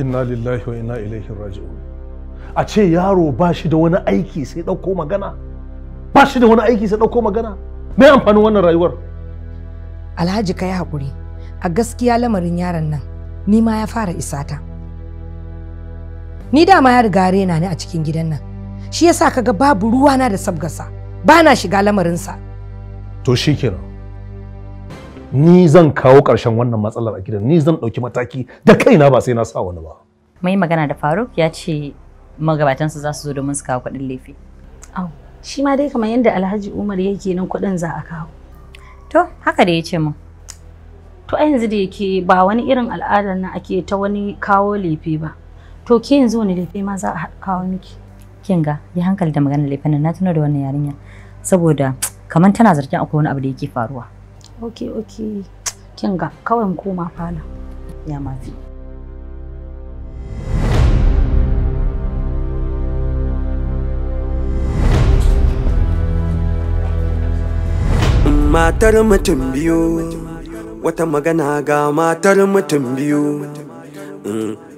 inna lillahi wa inna ilaihi raji'un a ce yaro ba shi da wani aiki sai dauko magana ba shi da wani aiki sai dauko magana me amfanin wannan rayuwar alhaji kai hakuri a gaskiya lamarin yaron nan ni ma ya fara isata ni dama ya riga rena ne a cikin gidan nan shi yasa kaga babu ruwana da sabgarsa ba na shiga lamarinsa to shikenan ni zan kawo ƙarshen wannan matsalar a gidan ni zan ɗauki mataki da kaina ba sai na sa wani ba mai magana da faruk ya ce magabatansa za su zo domin su kawo kuɗin lefe au shi ma dai kamar yadda alhaji umar yake nan kuɗin za a kawo to haka da ya ce min to a yanzu da yake ba wani irin al'adar nan ake ta wani kawo lefe ba to ke yanzu wani lefe ma za a kawo miki kin ga ya hankali da magana lefe nan na tuna da wannan yarinya saboda kamar tana zargin akwai wani abu da yake faruwa ok ok kin ga kawai mu koma fala ya mafi matar mutum biyu wata magana ga matar mutum biyu mm.